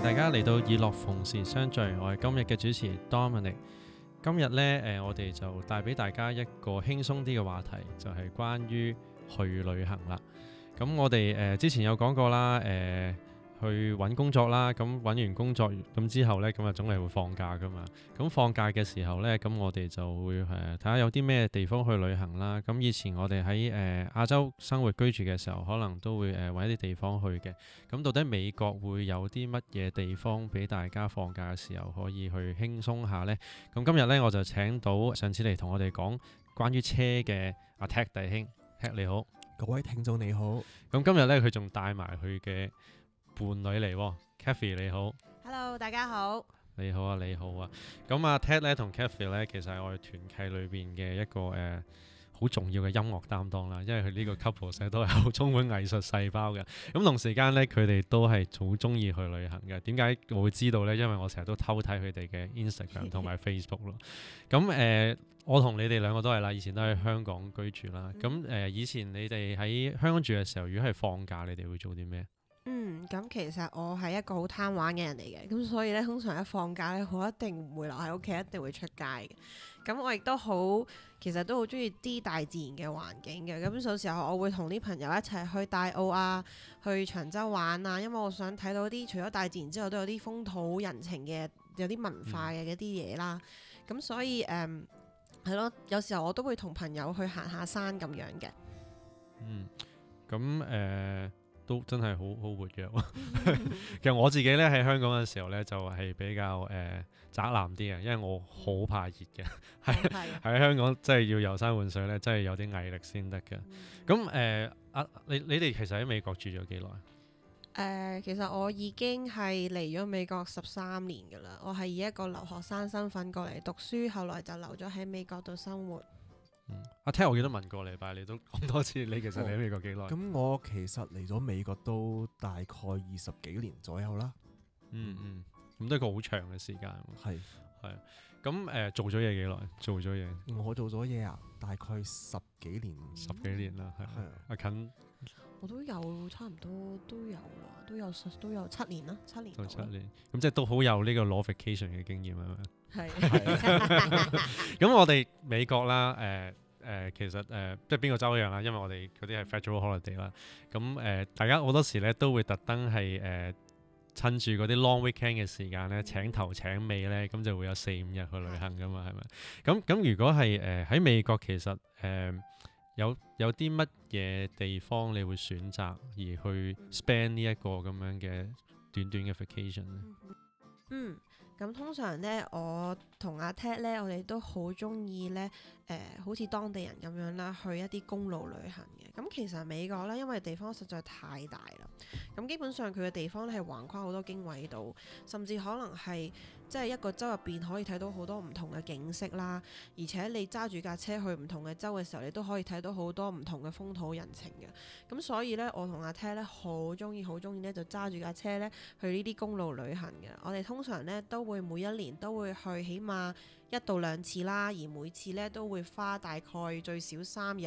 大家嚟到以樂逢時相聚，我係今日嘅主持 Dominic。今日呢，誒、呃，我哋就帶俾大家一個輕鬆啲嘅話題，就係、是、關於去旅行啦。咁、嗯、我哋誒、呃、之前有講過啦，誒、呃。去揾工作啦，咁揾完工作咁之後呢，咁啊總係會放假㗎嘛。咁放假嘅時候呢，咁我哋就會誒睇下有啲咩地方去旅行啦。咁以前我哋喺誒亞洲生活居住嘅時候，可能都會誒揾一啲地方去嘅。咁到底美國會有啲乜嘢地方俾大家放假嘅時候可以去輕鬆下呢？咁今日呢，我就請到上次嚟同我哋講關於車嘅阿 Ted 弟兄，Ted 你好，各位聽眾你好。咁今日呢，佢仲帶埋佢嘅。伴侶嚟喎，Cathy 你好，Hello 大家好，你好啊你好啊，咁啊 Ted 咧同 Cathy 咧，其實係我哋團契裏邊嘅一個誒好、呃、重要嘅音樂擔當啦，因為佢呢個 couple 成日都係好充滿藝術細胞嘅，咁 同時間咧佢哋都係好中意去旅行嘅。點解我會知道咧？因為我成日都偷睇佢哋嘅 Instagram 同埋 Facebook 咯。咁誒、呃，我同你哋兩個都係啦，以前都喺香港居住啦。咁誒、嗯呃，以前你哋喺香港住嘅時候，如果係放假，你哋會做啲咩？嗯，咁其實我係一個好貪玩嘅人嚟嘅，咁所以咧，通常一放假咧，我一定唔會留喺屋企，一定會出街嘅。咁我亦都好，其實都好中意啲大自然嘅環境嘅。咁有時候我會同啲朋友一齊去大澳啊，去長洲玩啊，因為我想睇到啲除咗大自然之外，都有啲風土人情嘅，有啲文化嘅一啲嘢啦。咁、嗯、所以誒，係、嗯、咯，有時候我都會同朋友去行下山咁樣嘅。嗯，咁誒。Uh 都真係好好活躍。 其實我自己咧，喺香港嘅時候咧，就係、是、比較誒、呃、宅男啲嘅，因為我好怕熱嘅。係 喺香港真係要遊山玩水咧，真係有啲毅力先得嘅。咁誒、嗯呃、啊，你你哋其實喺美國住咗幾耐？誒、呃，其實我已經係嚟咗美國十三年㗎啦。我係以一個留學生身份過嚟讀書，後來就留咗喺美國度生活。阿 Ted、嗯、我記得問過禮拜，你都講多次。你其實喺美國幾耐？咁、哦、我其實嚟咗美國都大概二十幾年左右啦、嗯。嗯嗯，咁都係個好長嘅時間。係係是。咁誒、呃，做咗嘢幾耐？做咗嘢。我做咗嘢啊？大概十幾年。十幾年啦，係係。係近。我都有差唔多都有啦，都有都有，都有七年啦。哦，七年。七年咁即係都好有呢個 long vacation 嘅經驗係咪？係。咁是 我哋美國啦，誒、呃、誒、呃，其實誒、呃，即係邊個州一樣啦，因為我哋嗰啲係 federal holiday 啦、嗯。咁誒、嗯，大家好多時咧都會特登係誒，趁住嗰啲 long weekend 嘅時間咧，嗯、請頭請尾咧，咁就會有四五日去旅行噶嘛，係咪、嗯？咁咁、嗯嗯、如果係誒喺美國，其實誒。呃呃嗯有有啲乜嘢地方你會選擇而去 spend 呢一個咁樣嘅短短嘅 vacation 呢？嗯，咁通常呢，我同阿 Ted 咧，我哋都好鍾意呢，誒、呃，好似當地人咁樣啦，去一啲公路旅行嘅。咁其實美國呢，因為地方實在太大啦，咁基本上佢嘅地方咧係橫跨好多經緯度，甚至可能係。即係一個州入邊可以睇到好多唔同嘅景色啦，而且你揸住架車去唔同嘅州嘅時候，你都可以睇到好多唔同嘅風土人情嘅。咁所以呢，我同阿 Ted 呢，好中意好中意呢，就揸住架車呢去呢啲公路旅行嘅。我哋通常呢，都會每一年都會去起碼一到兩次啦，而每次呢，都會花大概最少三日，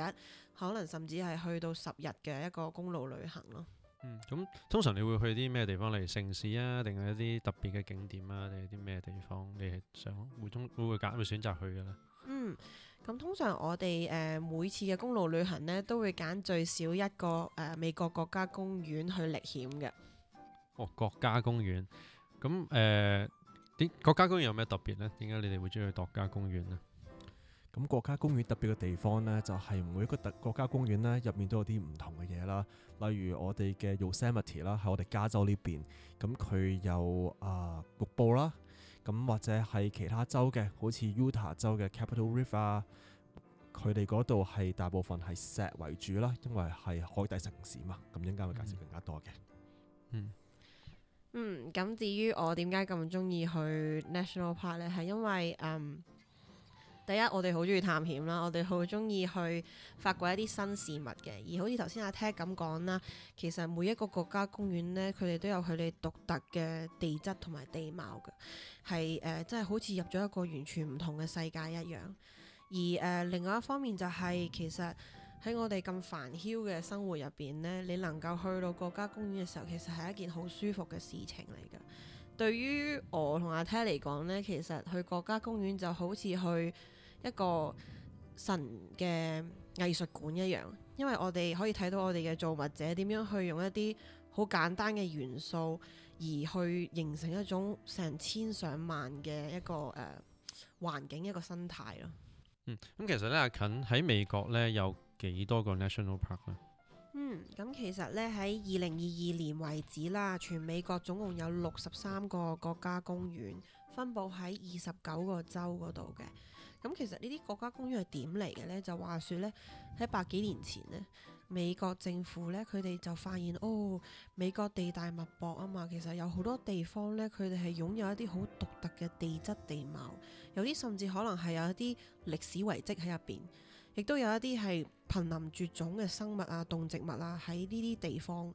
可能甚至係去到十日嘅一個公路旅行咯。嗯，咁通常你會去啲咩地方？例如城市啊，定係一啲特別嘅景點啊，定係啲咩地方？你係想會通會會揀會選擇去嘅咧？嗯，咁通常我哋誒每次嘅公路旅行咧，都會揀最少一個誒美國國家公園去歷險嘅。哦，國家公園，咁誒點國家公園有咩特別咧？點解你哋會中意去國家公園咧？咁國家公園特別嘅地方呢，就係、是、每一個國家公園呢入面，都有啲唔同嘅嘢啦。例如我哋嘅 Yosemite 啦，喺我哋加州呢邊，咁佢有啊瀑布啦，咁或者係其他州嘅，好似 Utah 州嘅 Capitol Reef 啊，佢哋嗰度係大部分係石為主啦，因為係海底城市嘛。咁一陣間會介紹更加多嘅、嗯嗯嗯。嗯，嗯，咁至於我點解咁中意去 National Park 呢？係因為嗯。第一，我哋好中意探險啦，我哋好中意去發掘一啲新事物嘅。而好似頭先阿 Ted 咁講啦，其實每一個國家公園呢，佢哋都有佢哋獨特嘅地質同埋地貌㗎，係誒，即、呃、係好似入咗一個完全唔同嘅世界一樣。而誒、呃，另外一方面就係、是、其實喺我哋咁煩囂嘅生活入邊呢，你能夠去到國家公園嘅時候，其實係一件好舒服嘅事情嚟㗎。對於我同阿 Ted 嚟講呢，其實去國家公園就好似去一個神嘅藝術館一樣，因為我哋可以睇到我哋嘅造物者點樣去用一啲好簡單嘅元素，而去形成一種成千上萬嘅一個誒環境一個生態咯。咁、嗯嗯、其實呢，阿近喺美國呢，有幾多個 National Park 咧？嗯，咁其實咧喺二零二二年為止啦，全美國總共有六十三個國家公園，分布喺二十九個州嗰度嘅。咁其實呢啲國家公園係點嚟嘅呢？就話說呢，喺百幾年前呢，美國政府呢，佢哋就發現，哦，美國地大物博啊嘛，其實有好多地方呢，佢哋係擁有一啲好獨特嘅地質地貌，有啲甚至可能係有一啲歷史遺跡喺入邊。亦都有一啲係瀕臨絕種嘅生物啊、動植物啊，喺呢啲地方，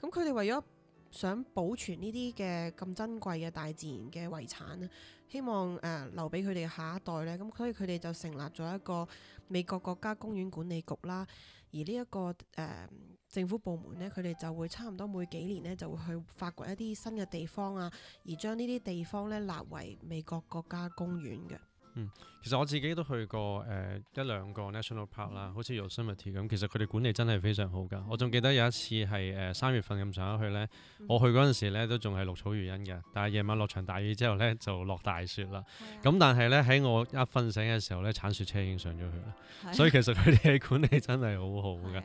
咁佢哋為咗想保存呢啲嘅咁珍貴嘅大自然嘅遺產啊，希望誒留俾佢哋下一代呢，咁所以佢哋就成立咗一個美國國家公園管理局啦，而呢、這、一個誒、呃、政府部門呢，佢哋就會差唔多每幾年呢就會去發掘一啲新嘅地方啊，而將呢啲地方呢立為美國國家公園嘅。嗯，其實我自己都去過誒、呃、一兩個 national park 啦，好似 Yosemite 咁。其實佢哋管理真係非常好噶。嗯、我仲記得有一次係誒三月份咁上咗去咧，嗯、我去嗰陣時咧都仲係綠草如茵嘅，但係夜晚落場大雨之後咧就落大雪啦。咁、啊嗯、但係咧喺我一瞓醒嘅時候咧，鏟雪車已經上咗去啦。啊、所以其實佢哋嘅管理真係好好嘅。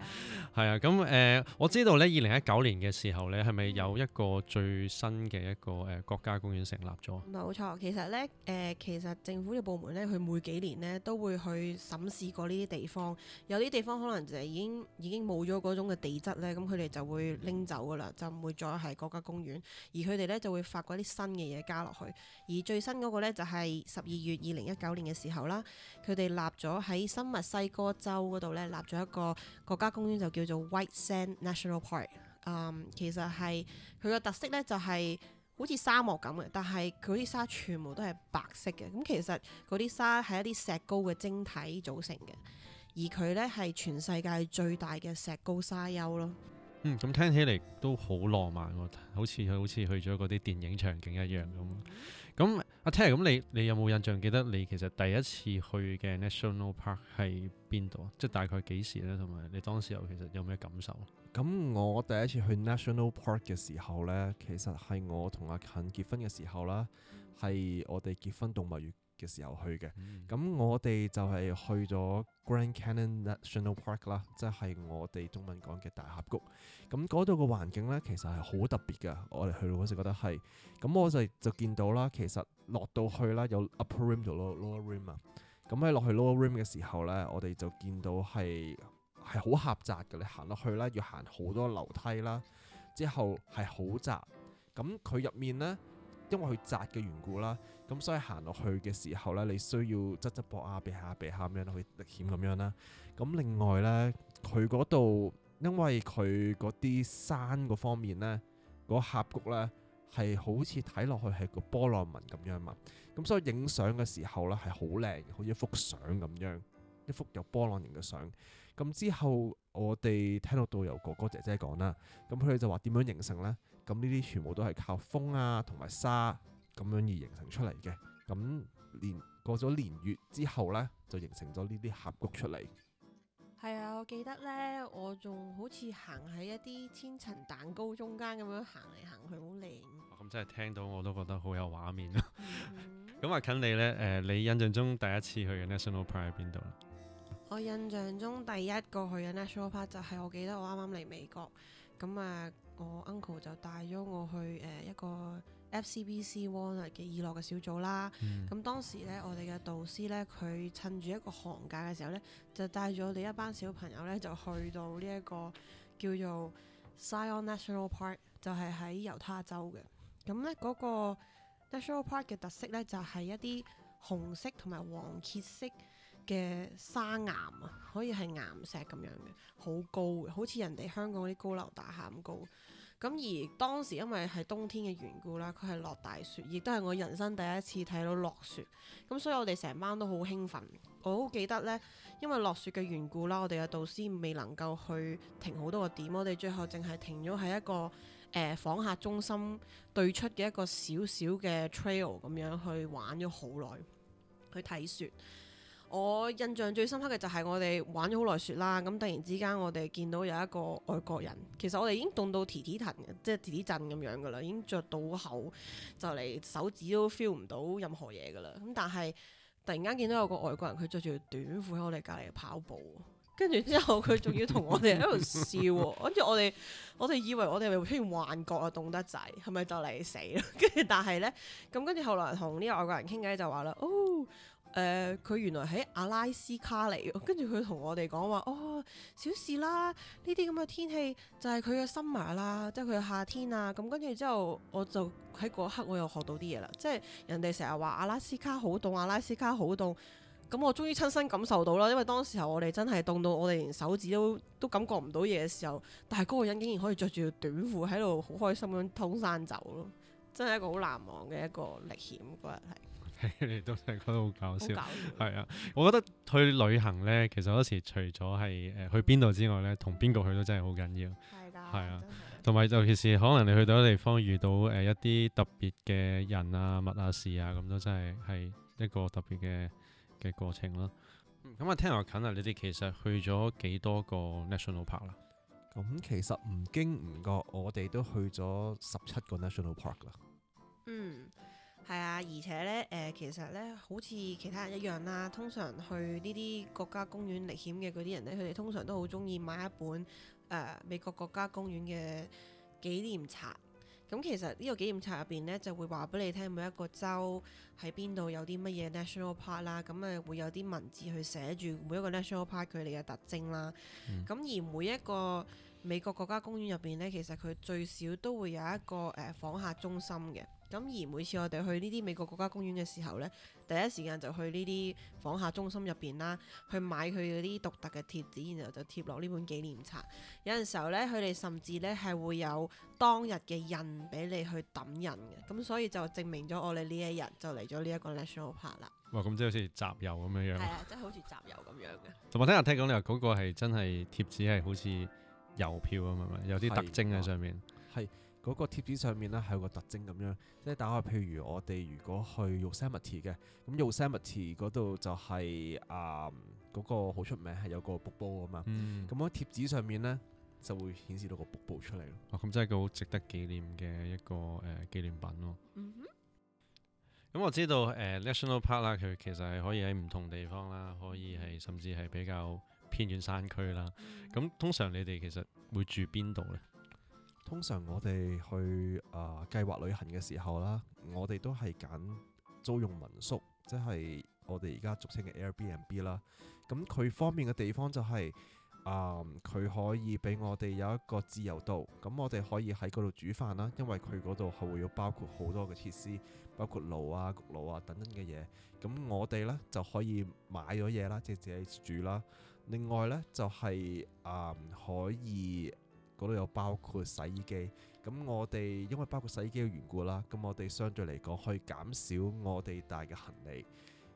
係啊，咁誒、啊呃、我知道咧，二零一九年嘅時候咧，係咪有一個最新嘅一個誒國家公園成立咗？冇、呃、錯，其實咧誒其實政府嘅部門。咧佢每幾年咧都會去審視過呢啲地方，有啲地方可能就係已經已經冇咗嗰種嘅地質咧，咁佢哋就會拎走噶啦，就唔會再係國家公園。而佢哋咧就會發過啲新嘅嘢加落去。而最新嗰個咧就係十二月二零一九年嘅時候啦，佢哋立咗喺新墨西哥州嗰度咧立咗一個國家公園，就叫做 White Sand National Park。嗯，其實係佢個特色咧就係。好似沙漠咁嘅，但係佢啲沙全部都係白色嘅。咁其實嗰啲沙係一啲石膏嘅晶體組成嘅，而佢呢係全世界最大嘅石膏沙丘咯。嗯，咁聽起嚟都好浪漫喎，好似好似去咗嗰啲電影場景一樣咁。咁阿 Ted 咁你你有冇印象記得你其實第一次去嘅 National Park 係邊度啊？即係大概幾時咧？同埋你當時候其實有咩感受？咁我第一次去 National Park 嘅時候咧，其實係我同阿芹結婚嘅時候啦，係我哋結婚動物園嘅時候去嘅，咁、嗯、我哋就係去咗 Grand Canyon National Park 啦，即係我哋中文講嘅大峽谷。咁嗰度嘅環境呢，其實係好特別嘅。我哋去到嗰時覺得係，咁我就就見到啦。其實落到去啦，有 Upper Rim 同 Lower Rim 啊。咁喺落去 Lower Rim 嘅時候呢，我哋就見到係係好狹窄嘅。你行落去啦，要行好多樓梯啦，之後係好窄。咁佢入面呢，因為佢窄嘅緣故啦。咁所以行落去嘅時候咧，你需要側側膊啊，避下避下咁樣去歷險咁樣啦。咁另外呢，佢嗰度因為佢嗰啲山嗰方面呢，嗰峽谷呢，係好似睇落去係個波浪紋咁樣嘛。咁所以影相嘅時候呢，係好靚，好似一幅相咁樣，一幅有波浪形嘅相。咁之後我哋聽到導遊哥哥姐姐講啦，咁佢哋就話點樣形成呢？咁呢啲全部都係靠風啊，同埋沙。咁樣而形成出嚟嘅，咁年過咗年月之後咧，就形成咗呢啲峽谷出嚟。係啊，我記得咧，我仲好似行喺一啲千層蛋糕中間咁樣行嚟行去，好靚。咁、哦、真係聽到我都覺得好有畫面咯。咁話近你咧，誒、呃，你印象中第一次去嘅 National Park 喺邊度？我印象中第一個去嘅 National Park 就係我記得我啱啱嚟美國，咁啊，我 uncle 就帶咗我去誒、呃、一個。F.C.B.C. One 嘅義樂嘅小組啦，咁、嗯、當時咧，我哋嘅導師咧，佢趁住一個寒假嘅時候咧，就帶咗我哋一班小朋友咧，就去到呢、這、一個叫做 Zion National Park，就係喺猶他州嘅。咁咧，嗰個 National Park 嘅特色咧，就係、是、一啲紅色同埋黃褐色嘅沙岩啊，可以係岩石咁樣嘅，好高嘅，好似人哋香港啲高樓大廈咁高。咁而當時因為係冬天嘅緣故啦，佢係落大雪，亦都係我人生第一次睇到落雪。咁所以我哋成班都好興奮。我好記得呢，因為落雪嘅緣故啦，我哋嘅導師未能夠去停好多個點，我哋最後淨係停咗喺一個誒、呃、訪客中心對出嘅一個小小嘅 trail 咁樣去玩咗好耐，去睇雪。我印象最深刻嘅就係我哋玩咗好耐雪啦，咁、嗯、突然之間我哋見到有一個外國人，其實我哋已經凍到提提騰，即係提提震咁樣噶啦，已經着到厚就嚟手指都 feel 唔到任何嘢噶啦。咁、嗯、但係突然間見到有個外國人，佢着住短褲喺我哋隔離跑步，跟住之後佢仲要同我哋喺度笑，跟住 我哋我哋以為我哋咪出現幻覺啊？凍得滯，係咪就嚟死囉？跟住但係呢，咁跟住後來同呢個外國人傾偈就話啦，哦。誒佢、呃、原來喺阿拉斯卡嚟，跟住佢同我哋講話，哦，小事啦，呢啲咁嘅天氣就係佢嘅 summer 啦，即係佢嘅夏天啊。咁跟住之後，我就喺嗰刻我又學到啲嘢啦，即係人哋成日話阿拉斯卡好凍，阿拉斯卡好凍，咁我終於親身感受到啦，因為當時候我哋真係凍到我哋連手指都都感覺唔到嘢嘅時候，但係嗰個人竟然可以着住短褲喺度好開心咁通山走咯，真係一個好難忘嘅一個歷險嗰日係。 你都係覺得好搞笑，係啊！我覺得去旅行咧，其實有時除咗係誒去邊度之外咧，同邊個去都真係好緊要，係的啊，同埋尤其是可能你去到地方遇到誒、呃、一啲特別嘅人啊、物啊、事啊，咁都真係係一個特別嘅嘅過程咯。咁啊、嗯，嗯、聽落近啊，你哋其實去咗幾多個 national park 啦、嗯？咁其實唔經唔覺，我哋都去咗十七個 national park 啦。嗯。係啊，而且咧，誒、呃，其實咧，好似其他人一樣啦。通常去呢啲國家公園歷險嘅嗰啲人咧，佢哋通常都好中意買一本誒、呃、美國國家公園嘅紀念冊。咁其實呢個紀念冊入邊咧，就會話俾你聽每一個州喺邊度有啲乜嘢 National Park 啦。咁誒會有啲文字去寫住每一個 National Park 佢哋嘅特徵啦。咁、嗯、而每一個美國國家公園入邊呢，其實佢最少都會有一個誒、呃、訪客中心嘅。咁而每次我哋去呢啲美國國家公園嘅時候呢，第一時間就去呢啲訪客中心入邊啦，去買佢嗰啲獨特嘅貼紙，然後就貼落呢本紀念冊。有陣時候呢，佢哋甚至呢係會有當日嘅印俾你去抌印嘅。咁所以就證明咗我哋呢一日就嚟咗呢一個 National Park 啦。哇！咁即係好似集郵咁樣樣。係啊，即係好似集郵咁樣嘅。同埋聽人聽講，你話嗰個係真係貼紙係好似～郵票啊嘛，嗯、有啲特徵喺上面。係嗰、嗰個貼紙上面咧，係有個特徵咁樣。即係打開，譬如我哋如果去 Yosemite 嘅，咁 Yosemite 嗰度就係啊嗰個好出名係有個瀑布啊嘛。咁嗰、嗯、貼紙上面咧就會顯示到個瀑布出嚟。哦，咁真係一個好值得紀念嘅一個誒、呃、紀念品咯。咁、嗯哼嗯、我知道誒、呃、National Park 啦，佢其實係可以喺唔同地方啦，可以係甚至係比較偏遠山區啦，咁通常你哋其實會住邊度呢？通常我哋去啊、呃、計劃旅行嘅時候啦，我哋都係揀租用民宿，即係我哋而家俗稱嘅 Airbnb 啦。咁佢方便嘅地方就係啊，呃，佢可以俾我哋有一個自由度。咁我哋可以喺嗰度煮飯啦，因為佢嗰度係會要包括好多嘅設施，包括爐啊、焗爐啊等等嘅嘢。咁我哋呢就可以買咗嘢啦，即係自己煮啦。另外呢、就係，就係誒可以嗰度有包括洗衣機，咁我哋因為包括洗衣機嘅緣故啦，咁我哋相對嚟講可以減少我哋帶嘅行李，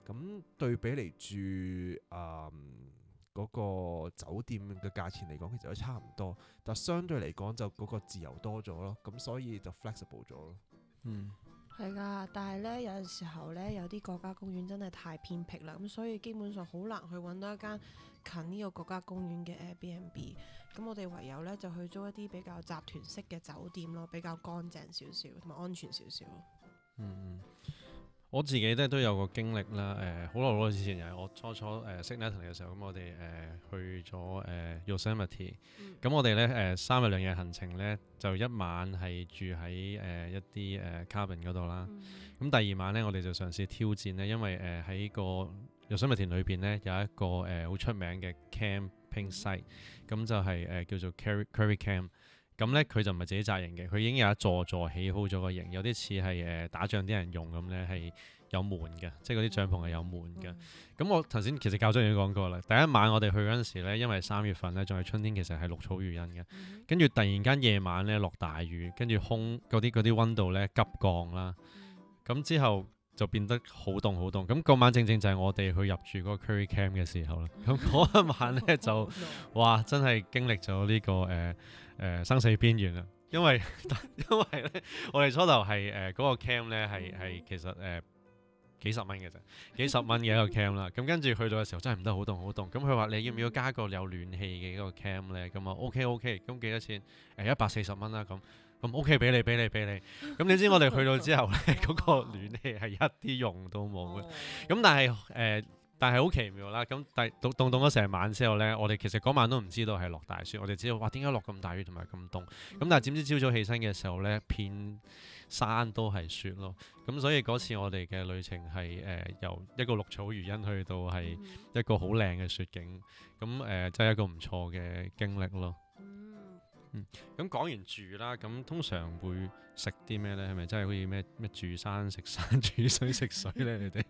咁對比嚟住誒嗰、嗯嗰個酒店嘅價錢嚟講，其實都差唔多，但相對嚟講就嗰個自由多咗咯，咁所以就 flexible 咗咯。嗯，係㗎，但係呢，有陣時候呢，有啲國家公園真係太偏僻啦，咁所以基本上好難去揾到一間近呢個國家公園嘅 Airbnb，咁我哋唯有咧就去租一啲比較集團式嘅酒店咯，比較乾淨少少，同埋安全少少。嗯，我自己咧都有個經歷啦。誒、呃，好耐好耐之前，又係我初初誒識、呃、Nathan 嘅時候，咁我哋誒、呃、去咗誒 Yosemite。咁、呃嗯、我哋咧誒三日兩夜行程咧，就一晚係住喺誒、呃、一啲誒 cabin 嗰度啦。咁、呃嗯、第二晚咧，我哋就嘗試挑戰咧，因為誒喺、呃呃、個油水麥田裏邊咧有一個誒好出名嘅 camping site，咁、嗯嗯嗯、就係、是、誒、呃、叫做 Curry Curry Camp，咁咧佢就唔係自己紮營嘅，佢已經有一座座起好咗個營，有啲似係誒打仗啲人用咁咧係有門嘅，即係嗰啲帳篷係有門嘅。咁我頭先其實教長已經講過啦，第一晚我哋去嗰陣時咧，因為三月份咧仲係春天，其實係綠草如茵嘅，跟、嗯、住、嗯嗯、突然間夜晚咧落大雨，跟住空嗰啲嗰啲温度咧急降啦，咁之後，就變得好凍好凍，咁嗰晚正正就係我哋去入住嗰個 curry camp 嘅時候啦。咁嗰一晚咧就，哇！真係經歷咗呢個誒誒生死邊緣啦。因為因為咧，我哋初頭係誒嗰個 camp 咧係係其實誒幾十蚊嘅啫，幾十蚊嘅一個 camp 啦。咁 跟住去到嘅時候真係唔得好凍好凍。咁佢話你要唔要加個有暖氣嘅一個 camp 咧？咁我 OK OK，咁幾多錢？誒一百四十蚊啦咁。OK，俾你俾你俾你。咁你，你、嗯、你知我哋去到之後咧，嗰 個暖氣係一啲用都冇嘅。咁但係誒，但係好、呃、奇妙啦。咁、嗯、但係凍凍咗成晚之後咧，我哋其實嗰晚都唔知道係落大雪，我哋知道哇，點解落咁大雨同埋咁凍。咁、嗯、但係點知朝早起身嘅時候咧，片山都係雪咯。咁、嗯、所以嗰次我哋嘅旅程係誒、呃、由一個綠草如茵去到係一個好靚嘅雪景。咁誒真係一個唔錯嘅經歷咯。嗯、咁講完住啦，咁通常會食啲咩呢？係咪真係好似咩咩住山食山，住水食水呢？你哋，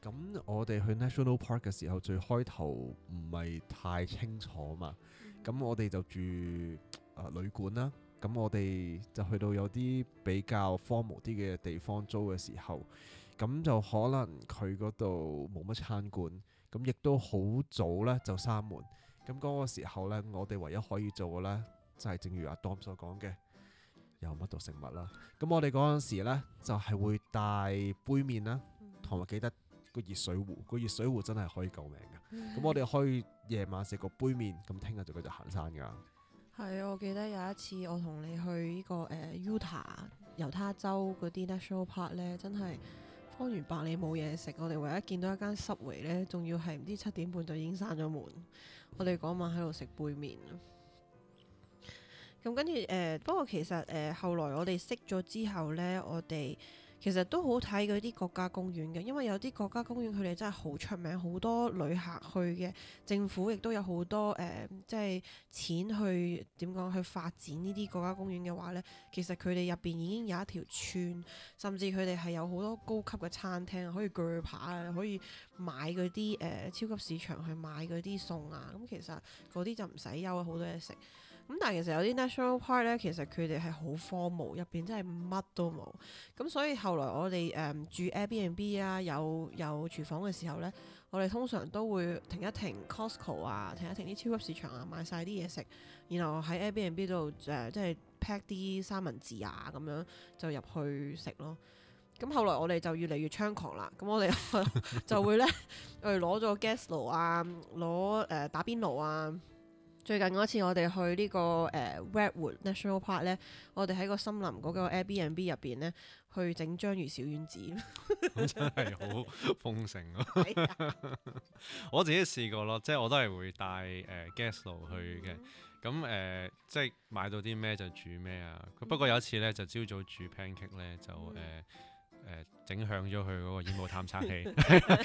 咁我哋去 National Park 嘅時候，最開頭唔係太清楚嘛。咁我哋就住誒、呃、旅館啦。咁我哋就去到有啲比較荒蕪啲嘅地方租嘅時候，咁就可能佢嗰度冇乜餐館，咁亦都好早呢，就閂門。咁嗰個時候呢，我哋唯一可以做嘅呢，就係、是、正如阿 Dom 所講嘅，有乜都食物啦。咁我哋嗰陣時呢，就係、是、會帶杯麵啦，同埋記得個熱水壺。個熱水壺真係可以救命㗎。咁、嗯、我哋可以夜晚食個杯麵，咁聽日就繼續行山㗎。係，我記得有一次我同你去呢、這個誒、呃、Utah 猶他州嗰啲 national park 呢，真係～方圓百里冇嘢食，我哋唯一見到一間 Subway 呢，仲要係唔知七點半就已經閂咗門。我哋嗰晚喺度食杯麪，咁跟住誒、呃，不過其實誒、呃，後來我哋識咗之後呢，我哋。其實都好睇嗰啲國家公園嘅，因為有啲國家公園佢哋真係好出名，好多旅客去嘅。政府亦都有好多誒、呃，即係錢去點講去發展呢啲國家公園嘅話呢。其實佢哋入邊已經有一條村，甚至佢哋係有好多高級嘅餐廳可以鋸扒啊，可以買嗰啲誒超級市場去買嗰啲餸啊。咁、嗯、其實嗰啲就唔使憂，好多嘢食。咁但係其實有啲 national park 咧，其實佢哋係好荒蕪，入邊真係乜都冇。咁所以後來我哋誒、嗯、住 Airbnb 啊，有有廚房嘅時候咧，我哋通常都會停一停 Costco 啊，停一停啲超級市場啊，買晒啲嘢食，然後喺 Airbnb 度誒、呃、即係 pack 啲三文治啊咁樣就入去食咯。咁後來我哋就越嚟越猖狂啦，咁我哋 就會咧去攞咗 gas 爐啊，攞誒、呃、打邊爐啊。最近嗰次我哋去呢、呢個誒、呃、Redwood National Park 咧，我哋喺個森林嗰個 Airbnb 入邊咧，去整章魚小丸子，呵呵，真係好豐盛咯。我自己試過咯，即係我都係會帶誒 gas 爐去嘅。咁誒、嗯呃，即係買到啲咩就煮咩啊。不過有一次咧，就朝早煮 pancake 咧，就誒、呃誒整、呃、響咗佢嗰個煙霧探測器，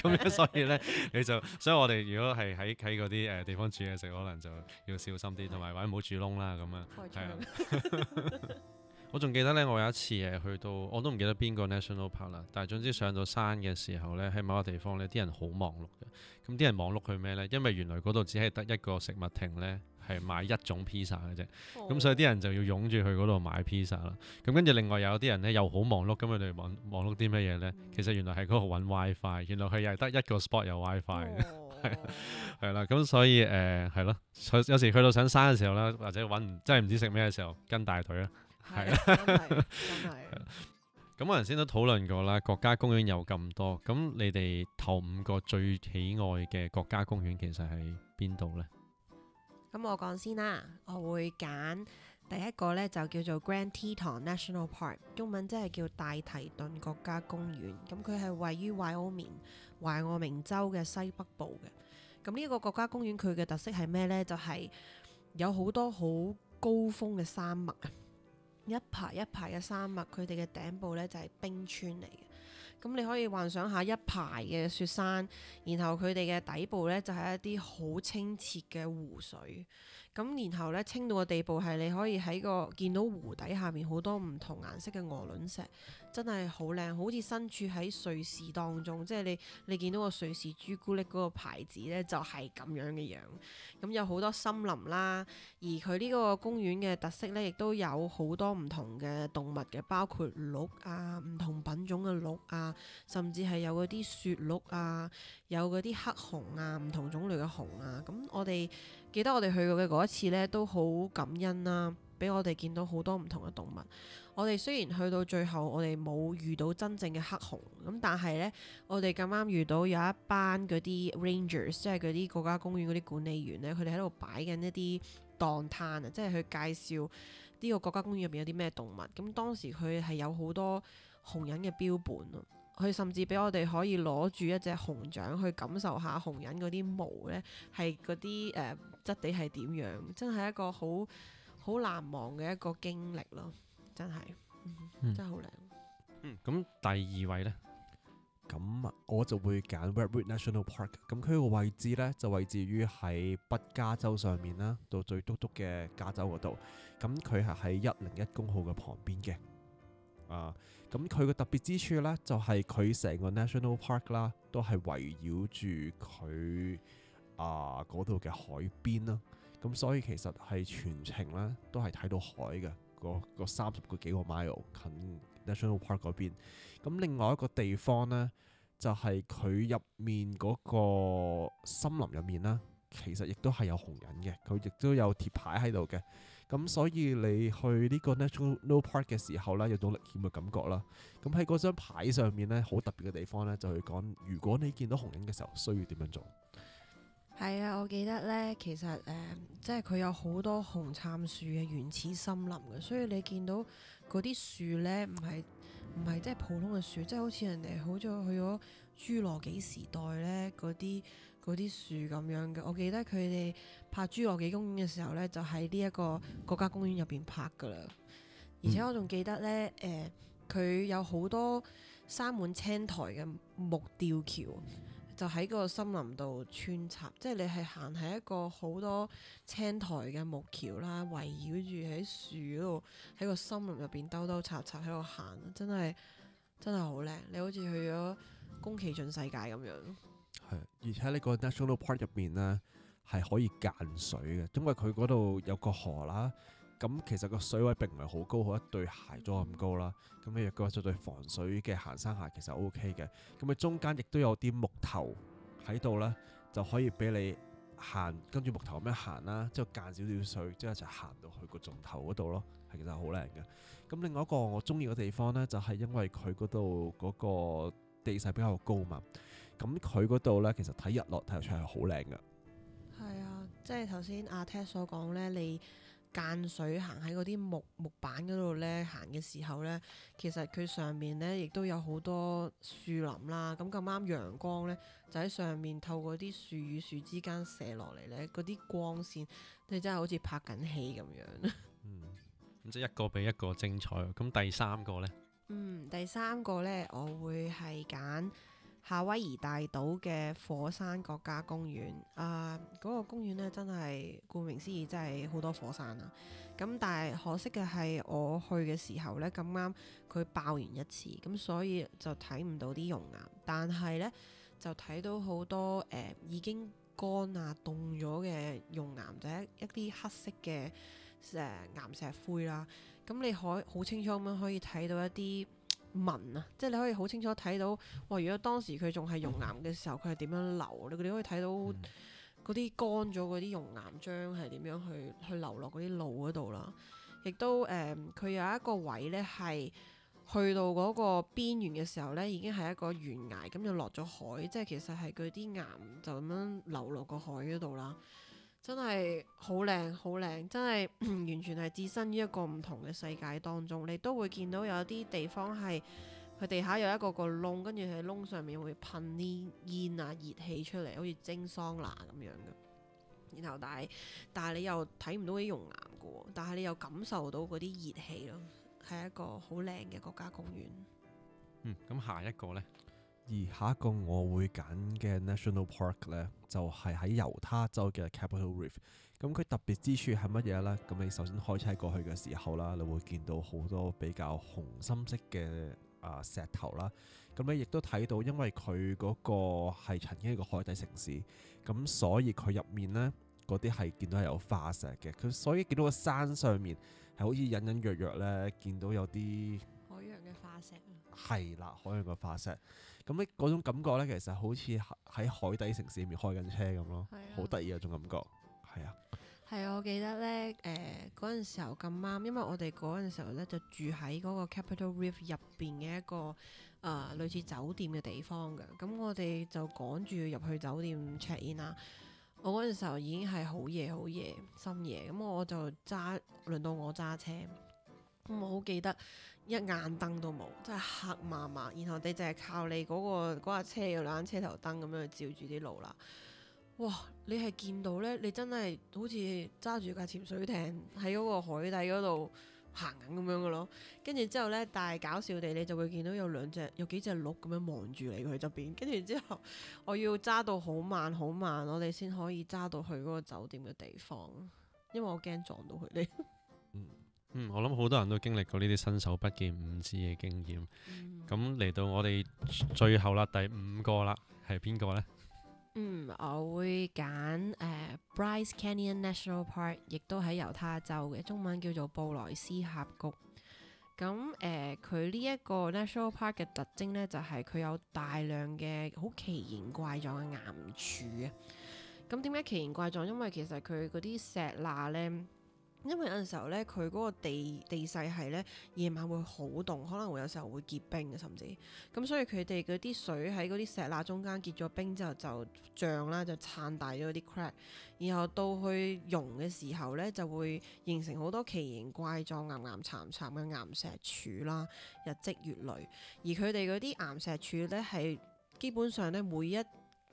咁 樣，所以咧你就，所以我哋如果係喺喺嗰啲誒地方煮嘢食，可能就要小心啲，同埋或者唔好煮窿啦咁樣，係啊， 我仲記得咧，我有一次誒去到，我都唔記得邊個 National Park 啦，但係總之上到山嘅時候咧，喺某個地方咧，啲人好忙碌嘅，咁啲人忙碌去咩咧？因為原來嗰度只係得一個食物亭咧。係買一種披 i 嘅啫，咁、oh. 嗯、所以啲人就要湧住去嗰度買披 i z z 啦。咁跟住另外有啲人咧又好忙碌，咁佢哋揾忙碌啲乜嘢咧？呢 mm hmm. 其實原來係嗰度揾 WiFi，原來佢又係得一個 spot 有 WiFi，係係啦。咁、oh. 所以誒係咯，有時去到想嘥嘅時候咧，或者揾唔真係唔知食咩嘅時候，跟大腿啦，係啦、mm。Hmm. 啊、真咁我哋先都討論過啦，國家公園有咁多，咁你哋頭五個最喜愛嘅國家公園其實係邊度咧？咁我講先啦，我會揀第一個呢，就叫做 Grand Teton National Park，中文即係叫大提頓國家公園。咁佢係位於 Wyoming 懷俄明州嘅西北部嘅。咁呢一個國家公園佢嘅特色係咩呢？就係有好多好高峰嘅山脈啊，一排一排嘅山脈，佢哋嘅頂部呢，就係冰川嚟。咁你可以幻想下一排嘅雪山，然後佢哋嘅底部咧就係一啲好清澈嘅湖水。咁然後呢，清到嘅地步係你可以喺個見到湖底下面好多唔同顏色嘅鵝卵石，真係好靚，好似身處喺瑞士當中，即係你你見到個瑞士朱古力嗰個牌子呢，就係、是、咁樣嘅樣。咁、嗯、有好多森林啦，而佢呢個公園嘅特色呢，亦都有好多唔同嘅動物嘅，包括鹿啊，唔同品種嘅鹿啊，甚至係有嗰啲雪鹿啊，有嗰啲黑熊啊，唔同種類嘅熊啊。咁、嗯、我哋。記得我哋去過嘅嗰一次呢，都好感恩啦、啊，俾我哋見到好多唔同嘅動物。我哋雖然去到最後，我哋冇遇到真正嘅黑熊咁，但係呢，我哋咁啱遇到有一班嗰啲 rangers，即係嗰啲國家公園嗰啲管理員咧，佢哋喺度擺緊一啲檔攤啊，即係去介紹呢個國家公園入邊有啲咩動物。咁當時佢係有好多熊人嘅標本、啊佢甚至俾我哋可以攞住一隻熊掌去感受下熊人嗰啲毛咧，係嗰啲誒質地係點樣？真係一個好好難忘嘅一個經歷咯，真係，嗯嗯、真係好靚。咁、嗯、第二位呢，咁我就會揀 Redwood National Park。咁佢個位置呢，就位置於喺北加州上面啦，到最篤篤嘅加州嗰度。咁佢係喺一零一公號嘅旁邊嘅，啊、呃。咁佢個特別之處呢，就係佢成個 National Park 啦，都係圍繞住佢啊嗰度嘅海邊啦。咁所以其實係全程呢都係睇到海嘅。嗰三十個幾個 mile 近 National Park 嗰邊。咁另外一個地方呢，就係佢入面嗰個森林入面啦，其實亦都係有紅人嘅，佢亦都有貼牌喺度嘅。咁、嗯、所以你去呢個 National Park 嘅時候咧，有種歷險嘅感覺啦。咁喺嗰張牌上面呢，好特別嘅地方呢，就係講如果你見到紅影嘅時候，需要點樣做？係啊，我記得呢，其實誒、呃，即係佢有好多紅杉樹嘅原始森林嘅，所以你見到嗰啲樹呢，唔係唔係即係普通嘅樹，即係好似人哋好早去咗侏羅紀時代呢嗰啲。嗰啲樹咁樣嘅，我記得佢哋拍《侏羅紀公園》嘅時候呢，就喺呢一個國家公園入邊拍噶啦。而且我仲記得呢，誒佢、嗯欸、有好多生滿青苔嘅木吊橋，就喺個森林度穿插，即係你係行喺一個好多青苔嘅木橋啦，圍繞住喺樹嗰度，喺個森林入邊兜兜插插喺度行，真係真係好靚，你好似去咗宮崎駿世界咁樣。係，而且呢個 national park 入面呢，係可以間水嘅，因為佢嗰度有個河啦，咁其實個水位並唔係好高，好一對鞋咗咁高啦，咁你若果着對防水嘅行山鞋，其實 O K 嘅，咁佢中間亦都有啲木頭喺度啦，就可以俾你行，跟住木頭咁樣行啦，之後間少少水，之後一齊行到去個盡頭嗰度咯，其實好靚嘅。咁另外一個我中意嘅地方呢，就係、是、因為佢嗰度嗰個地勢比較高嘛。咁佢嗰度呢，其實睇日落睇得出係好靚嘅。係啊，即係頭先阿 Ted 所講呢，你間水行喺嗰啲木木板嗰度呢，行嘅時候呢，其實佢上面呢亦都有好多樹林啦。咁咁啱陽光呢，就喺上面透過啲樹與樹之間射落嚟，呢嗰啲光線，你真係好似拍緊戲咁樣。嗯， 咁即係一個比一個精彩。咁第三個呢？嗯，第三個呢，我會係揀。夏威夷大島嘅火山國家公園，啊、呃、嗰、嗰個公園咧，真係顧名思義，真係好多火山啦、啊。咁但係可惜嘅係，我去嘅時候呢，咁啱佢爆完一次，咁所以就睇唔到啲熔岩。但係呢，就睇到好多誒、呃、已經乾啊凍咗嘅熔岩，就係、一一啲黑色嘅誒、呃、岩石灰啦。咁你可好清楚咁可以睇到一啲，紋啊，即係你可以好清楚睇到，哇！如果當時佢仲係熔岩嘅時候，佢係點樣流？你哋可以睇到嗰啲乾咗嗰啲熔岩漿係點樣去去流落嗰啲路嗰度啦。亦都誒，佢、嗯、有一個位呢，係去到嗰個邊緣嘅時候呢，已經係一個懸崖，咁就落咗海，即係其實係佢啲岩就咁樣流落個海嗰度啦。真係好靚，好靚，真係 完全係置身於一個唔同嘅世界當中。你都會見到有啲地方係佢地下有一個個窿，跟住喺窿上面會噴啲煙啊熱氣出嚟，好似蒸桑拿咁樣嘅。然後，但係但係你又睇唔到啲熔岩嘅，但係你又感受到嗰啲熱氣咯，係一個好靚嘅國家公園。嗯，咁下一個呢？而下一個我會揀嘅 National Park 呢，就係、是、喺猶他州嘅 Capitol Reef。咁佢特別之處係乜嘢呢？咁你首先開車過去嘅時候啦，你會見到好多比較紅深色嘅啊、呃、石頭啦。咁你亦都睇到，因為佢嗰個係曾經一個海底城市，咁所以佢入面呢，嗰啲係見到係有化石嘅。佢所以見到個山上面係好似隱隱約約咧，見到有啲海洋嘅化石。係啦，海洋嘅化石。咁咧嗰種感覺咧，其實好似喺海底城市入面開緊車咁咯，好得意嘅一種感覺，係啊。係我記得咧，誒，嗰陣時候咁啱，因為我哋嗰陣時候咧就住喺嗰個 Capitol Reef 入邊嘅一個誒、呃、類似酒店嘅地方嘅，咁我哋就趕住入去酒店 check in 啦。我嗰陣時候已經係好夜好夜深夜，咁我就揸，輪到我揸車，咁我好記得。一眼燈都冇，真係黑麻麻，然後你就係靠你嗰、嗰個架、嗰個、車嘅兩間車頭燈咁樣照住啲路啦。哇！你係見到呢？你真係好似揸住架潛水艇喺嗰個海底嗰度行緊咁樣嘅咯。跟住之後呢，但係搞笑地，你就會見到有兩隻，有幾隻鹿咁樣望住你佢側邊。跟住之後，我要揸到好慢好慢，我哋先可以揸到去嗰個酒店嘅地方，因為我驚撞到佢哋。 嗯，我諗好多人都經歷過呢啲新手不見五指嘅經驗。咁嚟、嗯、到我哋最後啦，第五個啦，係邊個呢？嗯，我會揀誒、呃、，Bryce Canyon National Park，亦都喺猶他州嘅，中文叫做布萊斯峽谷。咁、嗯、誒，佢呢一個 national park 嘅特徵呢，就係、是、佢有大量嘅好奇形怪狀嘅岩柱啊。咁點解奇形怪狀？因為其實佢嗰啲石罅呢。因為有陣時候咧，佢嗰個地地勢係咧，夜晚會好凍，可能會有時候會結冰嘅，甚至咁，所以佢哋嗰啲水喺嗰啲石罅中間結咗冰之後就脹啦，就撐大咗啲 crack，然後到去溶嘅時候咧，就會形成好多奇形怪狀、岩岩巉巉嘅岩石柱啦，日積月累，而佢哋嗰啲岩石柱咧係基本上咧每一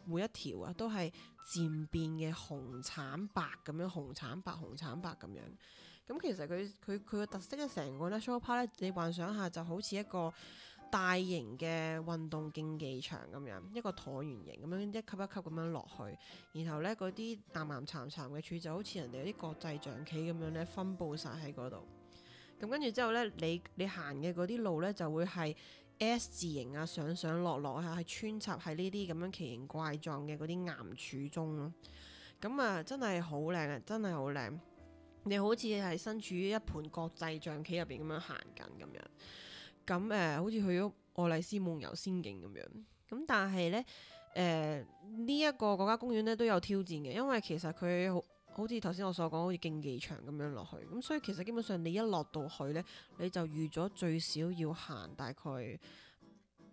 每一條啊，都係漸變嘅紅、橙、白咁樣，紅、橙、白、紅、橙、白咁樣。咁其實佢佢佢個特色咧，成個咧 super 咧，你幻想下就好似一個大型嘅運動競技場咁樣，一個橢圓形咁樣，一級一級咁樣落去，然後咧嗰啲岩岩巉巉嘅柱就好似人哋啲國際象棋咁樣咧，分布晒喺嗰度。咁跟住之後咧，你你行嘅嗰啲路咧就會係。S, S 字形啊，上上落落啊，係穿插喺呢啲咁樣奇形怪狀嘅嗰啲岩柱中咯。咁啊，真係好靚啊，真係好靚。你好似係身處於一盤國際象棋入邊咁樣行緊咁樣。咁誒，好似去咗愛麗絲夢遊仙境咁樣。咁但係呢，誒呢一個國家公園呢，都有挑戰嘅，因為其實佢好。好似頭先我所講，好似競技場咁樣落去，咁所以其實基本上你一落到去呢，你就預咗最少要行大概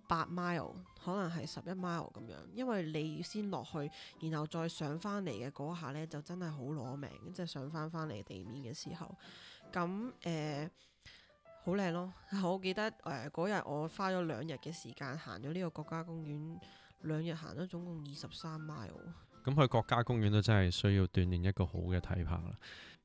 八 mile，可能係十一 mile 咁樣，因為你先落去，然後再上返嚟嘅嗰下呢，就真係好攞命，即係上返返嚟地面嘅時候，咁誒好靚咯！ 我記得誒嗰日我花咗兩日嘅時間行咗呢個國家公園，兩日行咗總共二十三 mile。咁去國家公園都真係需要鍛鍊一個好嘅體魄啦。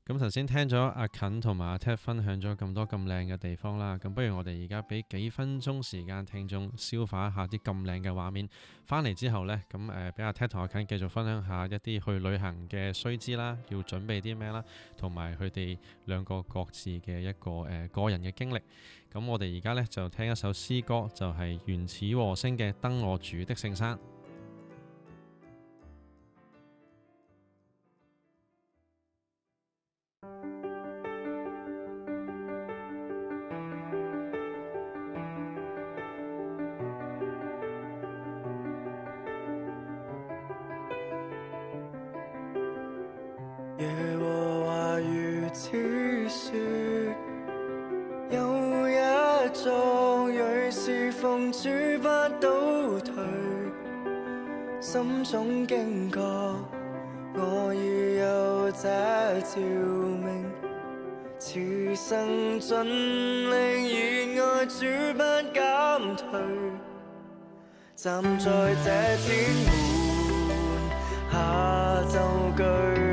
咁頭先聽咗阿近同埋阿 Ted 分享咗咁多咁靚嘅地方啦，咁不如我哋而家俾幾分鐘時間聽眾消化一下啲咁靚嘅畫面。翻嚟之後呢，咁誒俾阿 Ted 同阿近繼續分享一下一啲去旅行嘅須知啦，要準備啲咩啦，同埋佢哋兩個各自嘅一個誒、呃、個人嘅經歷。咁我哋而家呢，就聽一首詩歌，就係、是、原始和聲嘅《登我主的聖山》。有 一座瑞士奉主不倒退，心中警覺我已有這條命，此生盡力熱愛主不減退，站在這天門下就句。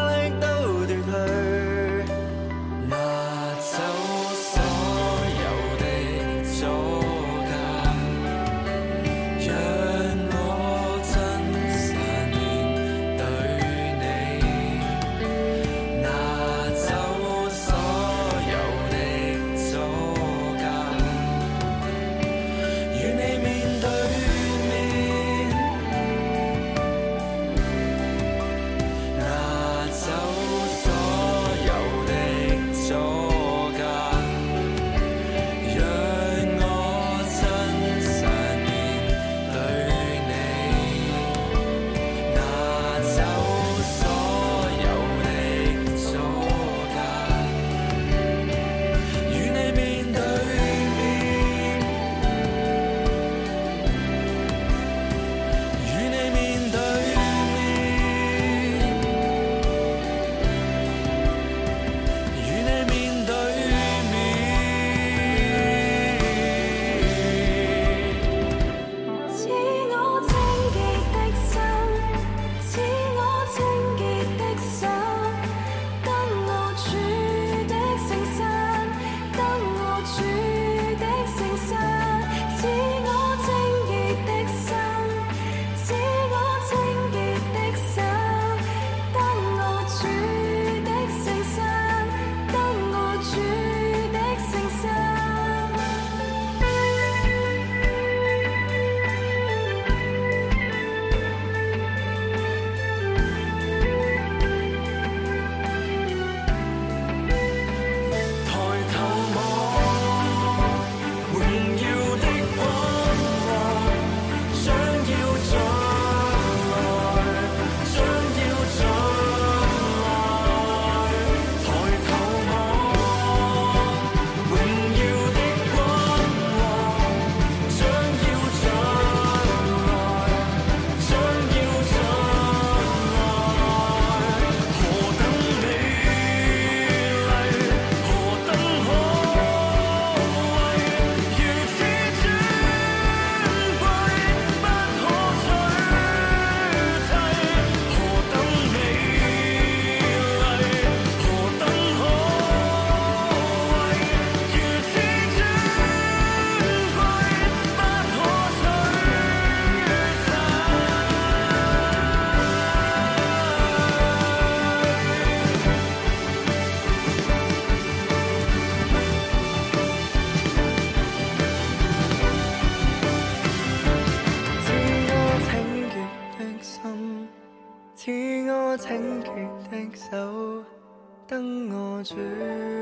我主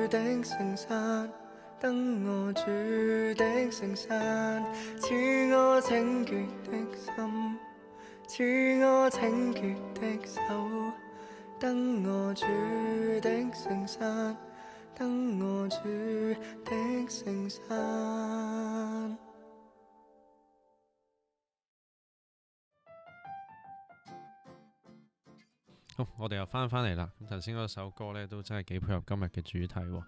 的聖山，登我主的聖山，賜我清潔的心，賜我清潔的手，登我主的聖山，登我主的聖山。哦、我哋又翻返嚟啦，咁頭先嗰首歌呢，都真係幾配合今日嘅主題、哦。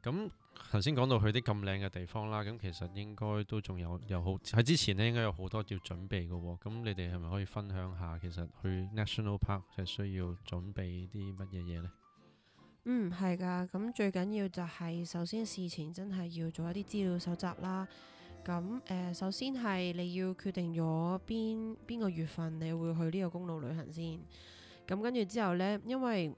咁頭先講到去啲咁靚嘅地方啦，咁其實應該都仲有又好喺之前咧，應該有好多要準備嘅。咁你哋係咪可以分享下，其實去 National Park 係需要準備啲乜嘢嘢呢？嗯，係、嗯、噶、咁、嗯、最緊要就係首先事前真係要做一啲資料搜集啦。咁誒、呃，首先係你要決定咗邊邊個月份你會去呢個公路旅行先。咁跟住之後呢，因為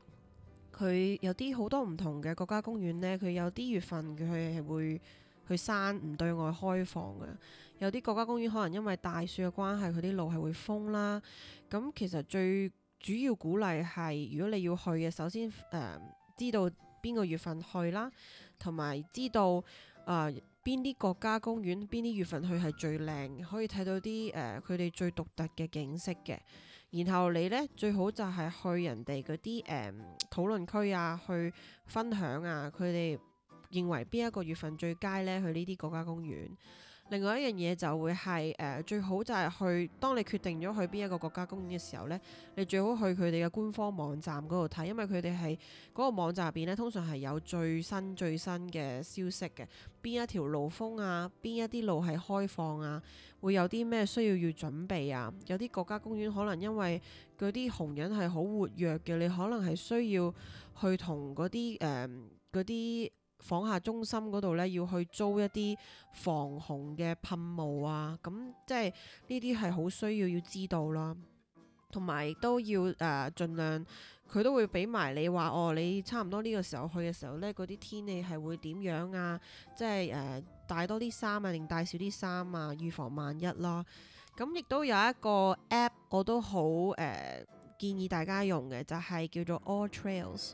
佢有啲好多唔同嘅國家公園呢，佢有啲月份佢係會去山唔對外開放嘅。有啲國家公園可能因為大雪嘅關係，佢啲路係會封啦。咁、嗯、其實最主要鼓勵係，如果你要去嘅，首先、呃、知道邊個月份去啦，同埋知道啊邊啲國家公園邊啲月份去係最靚，可以睇到啲、呃、佢哋最獨特嘅景色嘅。然後你呢最好就係去人哋嗰啲誒討論區啊，去分享啊，佢哋認為邊一個月份最佳呢？去呢啲國家公園。另外一樣嘢就會係誒最好就係去，當你決定咗去邊一個國家公園嘅時候呢，你最好去佢哋嘅官方網站嗰度睇，因為佢哋係嗰個網站入邊呢，通常係有最新最新嘅消息嘅，邊一條路封啊，邊一啲路係開放啊，會有啲咩需要要準備啊，有啲國家公園可能因為嗰啲熊人係好活躍嘅，你可能係需要去同嗰啲誒嗰啲。呃房客中心嗰度呢，要去租一啲防洪嘅噴霧啊，咁即係呢啲係好需要要知道啦，同埋都要誒盡、呃、量佢都會俾埋你話哦，你差唔多呢個時候去嘅時候呢，嗰啲天氣係會點樣啊？即係誒帶多啲衫啊，定帶少啲衫啊，預防萬一咯。咁亦都有一個 app，我都好誒、呃、建議大家用嘅，就係、是、叫做 All Trails。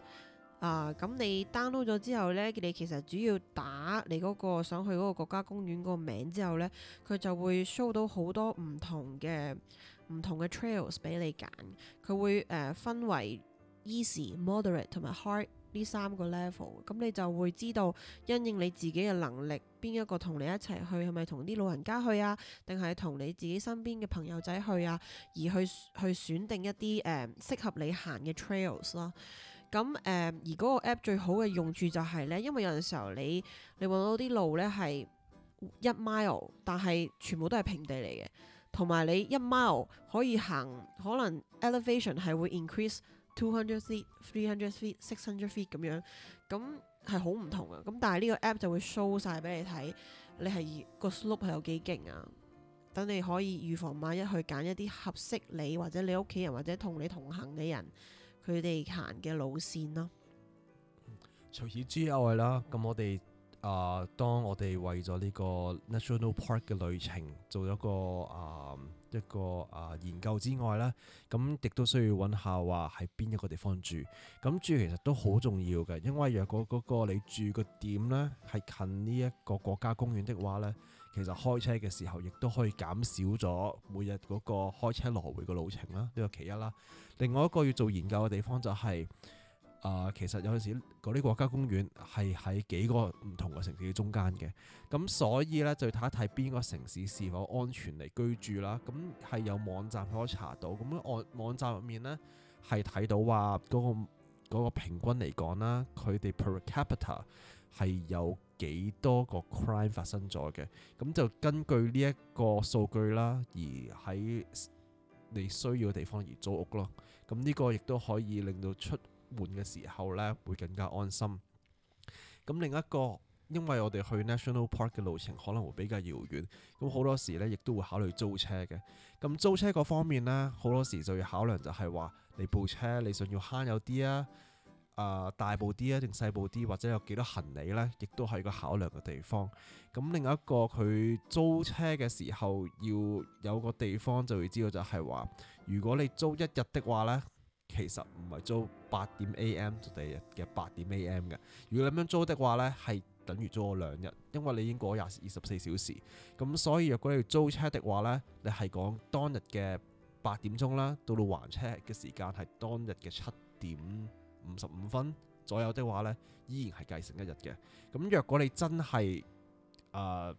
啊，咁、uh, 你 download 咗之後呢，你其實主要打你嗰個想去嗰個國家公園嗰個名之後呢，佢就會 show 到好多唔同嘅唔同嘅 trails 俾你揀。佢會誒、uh, 分為 easy、moderate 同埋 hard 呢三個 level，咁你就會知道因應你自己嘅能力，邊一個同你一齊去，係咪同啲老人家去啊，定係同你自己身邊嘅朋友仔去啊？而去去選定一啲誒適合你行嘅 trails 啦。咁誒、嗯，而嗰個 app 最好嘅用處就係咧，因為有陣時候你你揾到啲路咧係一 mile，但係全部都係平地嚟嘅，同埋你一 mile 可以行可能 elevation 係會 increase two hundred feet、three hundred feet、six hundred feet 咁樣，咁係好唔同啊！咁但係呢個 app 就會 show 晒俾你睇，你係個 slope 係有幾勁啊，等你可以預防萬一去揀一啲合適你或者你屋企人或者同你同行嘅人。佢哋行嘅路線咯、嗯。除此之外啦，咁我哋啊、呃，當我哋為咗呢個 National Park 嘅旅程做咗個啊一個啊、呃呃、研究之外啦，咁亦都需要揾下話喺邊一個地方住。咁住其實都好重要嘅，因為若果嗰個你住嘅點呢係近呢一個國家公園的話呢，其實開車嘅時候亦都可以減少咗每日嗰個開車來回嘅路程啦，呢、呢個其一啦。另外一個要做研究嘅地方就係，啊，其實有陣時嗰啲國家公園係喺幾個唔同嘅城市嘅中間嘅，咁所以呢，就睇一睇邊個城市是否安全嚟居住啦。咁係有網站可以查到，咁網網站入面呢，係睇到話嗰個嗰個平均嚟講啦，佢哋 per capita 係有幾多個 crime 發生咗嘅。咁就根據呢一個數據啦，而喺你需要嘅地方而租屋咯，咁呢個亦都可以令到出門嘅時候呢會更加安心。咁另一個，因為我哋去 National Park 嘅路程可能會比較遙遠，咁好多時呢亦都會考慮租車嘅。咁租車嗰方面呢，好多時就要考量就係話，你部車你想要慳油啲啊。誒、呃、大部啲啊，定細部啲，或者有幾多行李呢？亦都係個考量嘅地方。咁另一個，佢租車嘅時候要有個地方，就會知道就係話，如果你租一日的話呢，其實唔係租八點 A.M. 就第二日嘅八點 A.M. 嘅。如果你咁樣租的話呢，係等於租咗兩日，因為你已經過廿二十四小時。咁所以若果你要租車的話呢，你係講當日嘅八點鐘啦，到到還車嘅時間係當日嘅七點。五十五分左右的話呢，依然係計成一日嘅。咁、嗯、若果你真係誒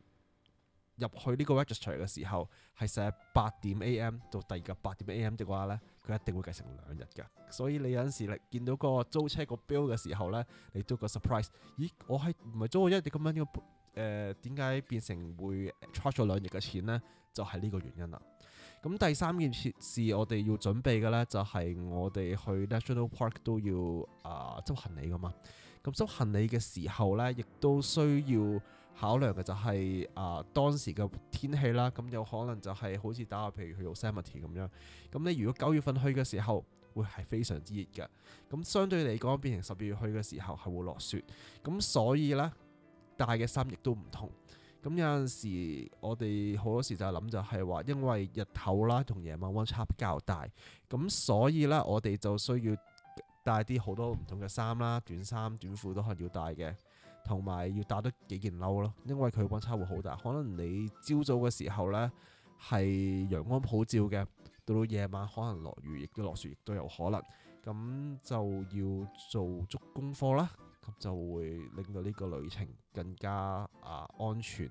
入去呢個 register 嘅時候係寫八點 AM 到第二個八點 AM 嘅話呢，佢一定會計成兩日嘅。所以你有陣時你見到個租車個 bill 嘅時候呢，你都個 surprise，咦？我係唔係租過一日咁樣要誒點解變成會 charge 咗兩日嘅錢呢？就係、是、呢個原因啦。咁第三件事我哋要準備嘅呢，就係、是、我哋去 National Park 都要啊、呃、執行李㗎嘛。咁、嗯、執行李嘅時候呢，亦都需要考量嘅就係、是、啊、呃、當時嘅天氣啦。咁有可能就係好似打下譬如去 Yosemite 咁樣。咁你如果九月份去嘅時候，會係非常之熱嘅。咁相對嚟講，變成十二月去嘅時候係會落雪。咁所以呢，帶嘅衫亦都唔同。咁、嗯、有陣時，我哋好多時就係諗就係話，因為日頭啦同夜晚溫差較大，咁所以呢，我哋就需要帶啲好多唔同嘅衫啦，短衫、短褲都可能要帶嘅，同埋要帶多幾件褸咯，因為佢溫差會好大。可能你朝早嘅時候呢，係陽光普照嘅，到到夜晚可能落雨，亦都落雪亦都有可能。咁就要做足功課啦。咁就會令到呢個旅程更加啊安全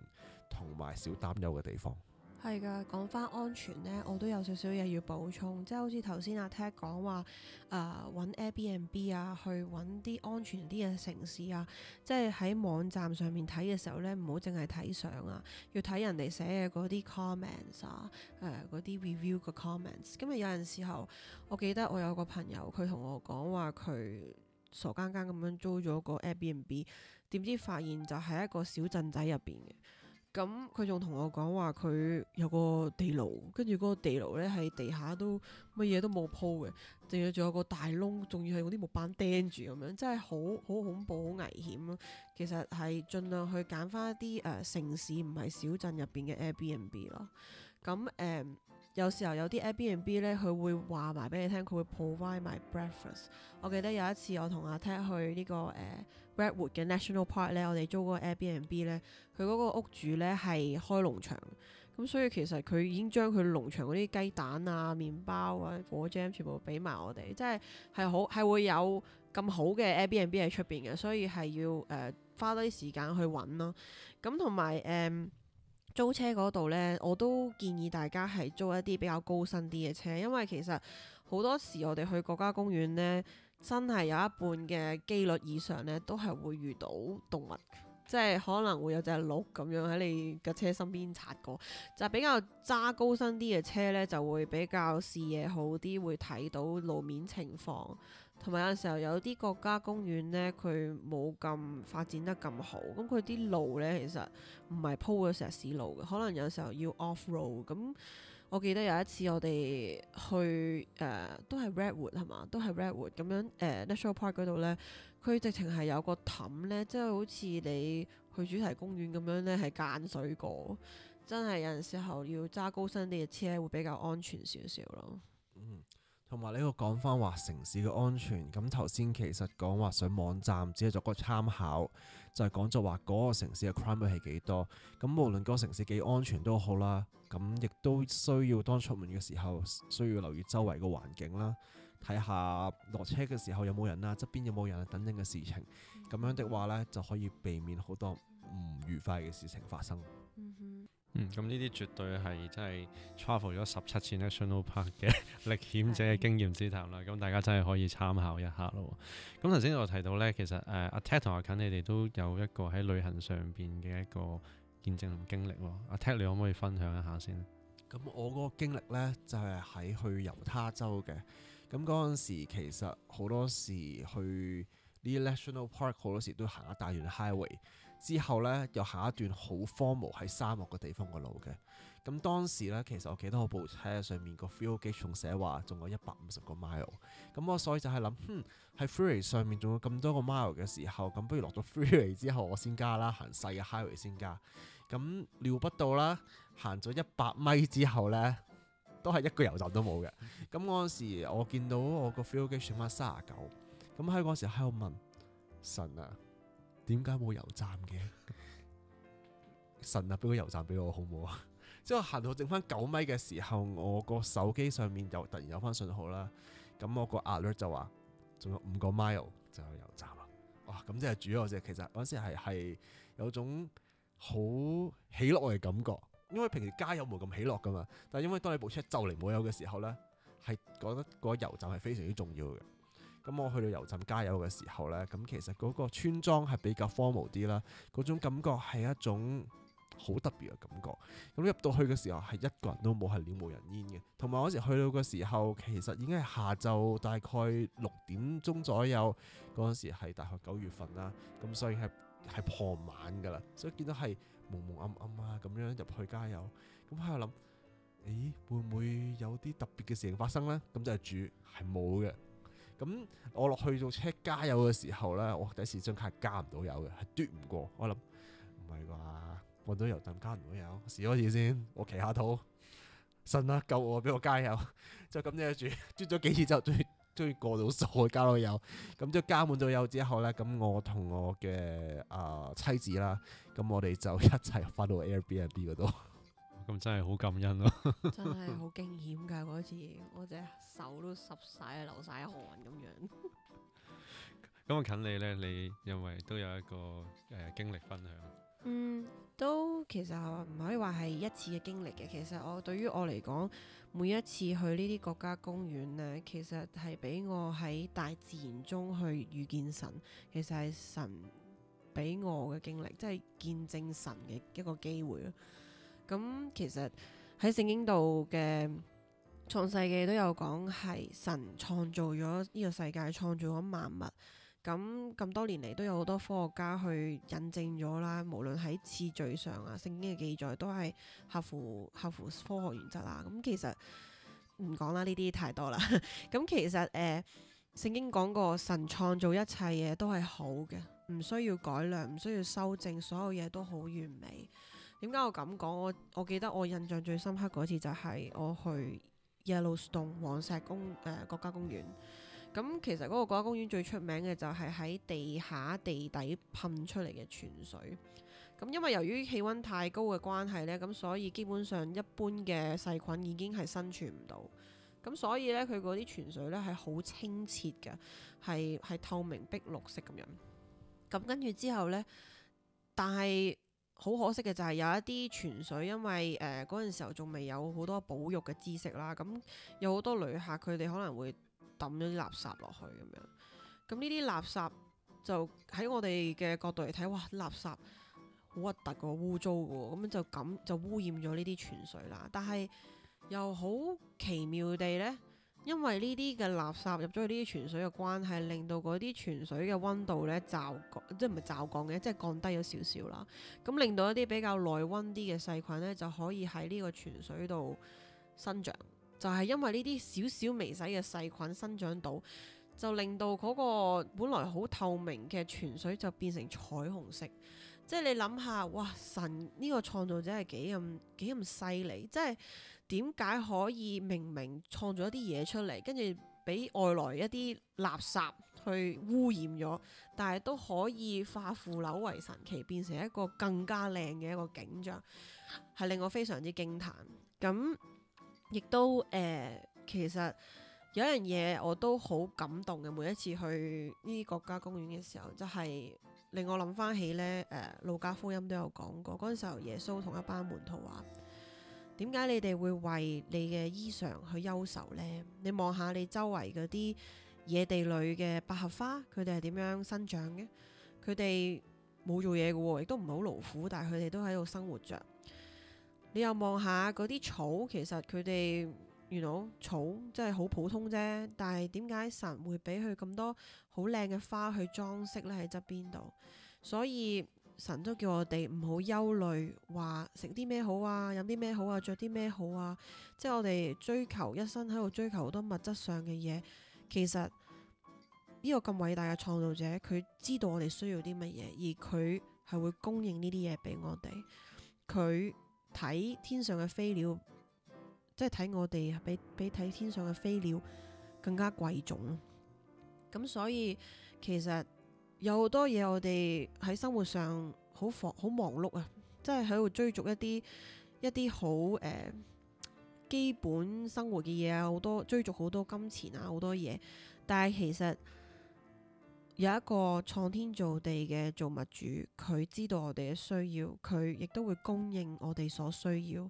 同埋少擔憂嘅地方。係㗎，講返安全呢，我都有少少嘢要補充，即係好似頭先阿 Ted 講話，揾、呃、Airbnb 啊，去揾啲安全啲嘅城市啊，即係喺網站上面睇嘅時候呢，唔好淨係睇相啊，要睇人哋寫嘅嗰啲 comments 啊，誒、呃、嗰啲 review 嘅 comments。今日有陣時候，我記得我有個朋友，佢同我講話佢。傻更更咁樣租咗個 Airbnb，點知發現就係一個小鎮仔入邊嘅。咁佢仲同我講話，佢有個地牢，跟住嗰個地牢呢喺地下都乜嘢都冇鋪嘅，仲要仲有個大窿，仲要係嗰啲木板釘住咁樣，真係好好恐怖、好危險咯。其實係盡量去揀翻一啲誒、呃、城市唔係小鎮入邊嘅 Airbnb 咯。咁、嗯、誒。嗯有時候有啲 Airbnb 咧，佢會話埋俾你聽，佢會 provide my breakfast。我記得有一次我同阿 Tat 去呢、這個誒、呃、Redwood 嘅 National Park 咧，我哋租嗰個 Airbnb 咧，佢嗰個屋主咧係開農場，咁所以其實佢已經將佢農場嗰啲雞蛋啊、麵包啊、火果 m 全部俾埋我哋，即係係好係會有咁好嘅 Airbnb 喺出邊嘅，所以係要誒、呃、花多啲時間去揾咯。咁同埋誒。呃租車嗰度呢，我都建議大家係租一啲比較高身啲嘅車，因為其實好多時我哋去國家公園呢，真係有一半嘅機率以上呢都係會遇到動物，即係可能會有隻鹿咁樣喺你嘅車身邊擦過。就比較揸高身啲嘅車呢，就會比較視野好啲，會睇到路面情況。同埋有陣時候有啲國家公園呢，佢冇咁發展得咁好，咁佢啲路呢，其實唔係鋪咗石屎路嘅，可能有時候要 off road。咁我記得有一次我哋去誒都係 Redwood 係嘛，都係 Redwood 咁樣誒、呃、natural park 嗰度呢，佢直情係有個氹呢，即係好似你去主題公園咁樣呢，係間水果。真係有陣時候要揸高身啲嘅車會比較安全少少咯。同埋呢個講翻話城市嘅安全，咁頭先其實講話上網站只係作個參考，就係講作話嗰個城市嘅 crime rate 係幾多。咁無論個城市幾安全都好啦，咁亦都需要當出門嘅時候需要留意周圍嘅環境啦，睇下落車嘅時候有冇人啊，側邊有冇人啊，等等嘅事情。咁樣的話呢，就可以避免好多唔愉快嘅事情發生。嗯嗯，咁呢啲絕對係真係 travel 咗十七次 national park 嘅歷險者嘅經驗之談啦，咁 大家真係可以參考一下咯。咁頭先我提到呢，其實誒、呃啊、阿 Ted 同阿芹你哋都有一個喺旅行上邊嘅一個見證同經歷喎。阿、啊、Ted，你可唔可以分享一下先？咁我嗰個經歷呢，就係、是、喺去猶他州嘅。咁嗰陣時，其實好多時去啲 national park 好多時都行下大元 highway。之後呢，又行一段好荒蕪喺沙漠嘅地方嘅路嘅。咁當時呢，其實我記得我部車上面個 fuel gauge 仲寫話仲有一百五十個 mile。咁我所以就係諗，喺 Freeway 上面仲有咁多個 mile 嘅時候，咁不如落到 Freeway 之後我先加啦，行細嘅 highway 先加。咁料不到啦，行咗一百米之後呢，都係一個油站都冇嘅。咁嗰陣時我見到我 39, 那那個 fuel gauge 剩翻三十九。咁喺嗰時喺度問神啊！點解冇油站嘅？神啊，俾個油站俾我好唔好啊？即 係我行到剩翻九米嘅時候，我個手機上面又突然有翻信號啦。咁我個壓力就話，仲有五個 mile 就有油站啦。哇、啊！咁即係主要就係，其實嗰時係係有種好喜樂嘅感覺，因為平時加油冇咁喜樂噶嘛。但係因為當你部車就嚟冇油嘅時候咧，係覺得個油站係非常之重要嘅。咁我去到油站加油嘅時候呢，咁其實嗰個村莊係比較荒蕪啲啦，嗰種感覺係一種好特別嘅感覺。咁入到去嘅時候係一個人都冇，係了無人煙嘅。同埋嗰時去到嘅時候，其實已經係下晝大概六點鐘左右嗰陣時，係大概九月份啦，咁所以係係傍晚噶啦，所以見到係蒙蒙暗暗啊，咁樣入去加油。咁喺度諗，咦、欸、會唔會有啲特別嘅事情發生呢？」咁就係主係冇嘅。咁我落去做 check 加油嘅時候咧，我第一次張卡加唔到油嘅，係嘟唔過。我諗唔係啩，我到油站加唔到油。試多次先，我祈下禱，信啦，救我俾我加油。就咁樣住，嘟咗幾次之後，終於終於過到數，加到油。咁即加滿咗油之後咧，咁我同我嘅啊、呃、妻子啦，咁我哋就一齊翻到 Airbnb 嗰度。咁真係好感恩咯！ 真係好驚險噶嗰次，我隻手都濕晒，流晒汗咁樣。咁我近你呢，你認為都有一個誒經歷分享。嗯，都其實唔可以話係一次嘅經歷嘅。其實我，其實我對於我嚟講，每一次去呢啲國家公園呢，其實係俾我喺大自然中去遇見神。其實係神俾我嘅經歷，即係見證神嘅一個機會咯。咁其實喺聖經度嘅創世記都有講係神創造咗呢個世界，創造咗萬物。咁咁多年嚟都有好多科學家去印證咗啦，無論喺次序上啊，聖經嘅記載都係合乎合乎科學原則啦。咁其實唔講啦，呢啲太多啦。咁 其實誒，聖經講過神創造一切嘢都係好嘅，唔需要改良，唔需要修正，所有嘢都好完美。點解我咁講？我我記得我印象最深刻嗰次就係我去 Yellowstone 黃石公誒、呃、國家公園。咁其實嗰個國家公園最出名嘅就係喺地下地底噴出嚟嘅泉水。咁因為由於氣温太高嘅關係呢，咁所以基本上一般嘅細菌已經係生存唔到。咁所以呢，佢嗰啲泉水呢係好清澈嘅，係係透明碧綠色咁樣。咁跟住之後呢，但係。好可惜嘅就係有一啲泉水，因為誒嗰陣時候仲未有好多保育嘅知識啦，咁有好多旅客佢哋可能會抌咗啲垃圾落去咁樣，咁呢啲垃圾就喺我哋嘅角度嚟睇，哇！垃圾好核突嘅，污糟嘅，咁就咁就污染咗呢啲泉水啦。但係又好奇妙地呢。因為呢啲嘅垃圾入咗去呢啲泉水嘅關係，令到嗰啲泉水嘅溫度呢，驟降，即係唔係驟降嘅，即係降低咗少少啦。咁令到一啲比較耐溫啲嘅細菌呢，就可以喺呢個泉水度生長。就係因為呢啲少少微細嘅細菌生長到，就令到嗰個本來好透明嘅泉水就變成彩虹色。即係你諗下，哇！神呢個創造者係幾咁幾咁犀利，即係～點解可以明明創造一啲嘢出嚟，跟住俾外來一啲垃圾去污染咗，但係都可以化腐朽為神奇，變成一個更加靚嘅一個景象，係令我非常之驚歎。咁亦都誒、呃，其實有一樣嘢我都好感動嘅。每一次去呢啲國家公園嘅時候，就係、是、令我諗翻起咧誒、呃《路加福音》都有講過，嗰陣時候耶穌同一班門徒話。點解你哋會為你嘅衣裳去憂愁呢？你望下你周圍嗰啲野地裏嘅百合花，佢哋係點樣生長嘅？佢哋冇做嘢嘅，亦都唔係好勞苦，但係佢哋都喺度生活着。你又望下嗰啲草，其實佢哋，原來 you know, 草真係好普通啫。但係點解神會俾佢咁多好靚嘅花去裝飾呢？喺側邊度，所以。神都叫我哋唔好憂慮，話食啲咩好啊，飲啲咩好啊，着啲咩好啊，即係我哋追求一生喺度追求好多物質上嘅嘢。其實呢個咁偉大嘅創造者，佢知道我哋需要啲乜嘢，而佢係會供應呢啲嘢俾我哋。佢睇天上嘅飛鳥，即係睇我哋比比睇天上嘅飛鳥更加貴重咯。咁所以其實。有好多嘢，我哋喺生活上好忙碌啊！即係喺度追逐一啲一啲好、呃、基本生活嘅嘢啊，好多追逐好多金錢啊，好多嘢。但係其實有一個創天造地嘅造物主，佢知道我哋嘅需要，佢亦都會供應我哋所需要。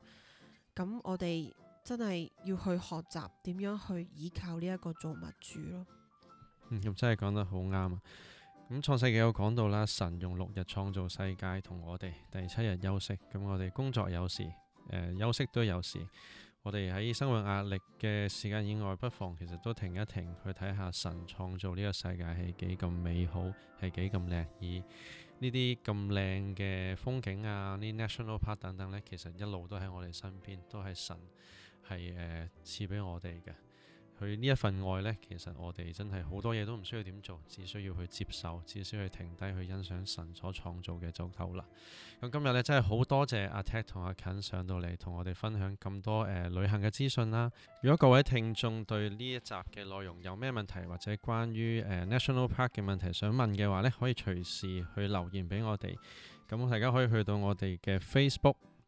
咁我哋真係要去學習點樣去依靠呢一個造物主咯。嗯，咁真係講得好啱啊！咁創、嗯、世紀有講到啦，神用六日創造世界同我哋，第七日休息。咁我哋工作有時，誒、呃、休息都有時。我哋喺生活壓力嘅時間以外，不妨其實都停一停，去睇下神創造呢個世界係幾咁美好，係幾咁靚。而呢啲咁靚嘅風景啊，啲 national park 等等呢，其實一路都喺我哋身邊，都係神係誒、呃、賜俾我哋嘅。佢呢一份愛呢，其實我哋真係好多嘢都唔需要點做，只需要去接受，只需要去停低去欣賞神所創造嘅就夠啦。咁今日呢，真係好多謝阿 Ted 同阿芹上到嚟，同我哋分享咁多誒、呃、旅行嘅資訊啦。如果各位聽眾對呢一集嘅內容有咩問題，或者關於誒、呃、National Park 嘅問題想問嘅話呢，可以隨時去留言俾我哋。咁大家可以去到我哋嘅 Facebook。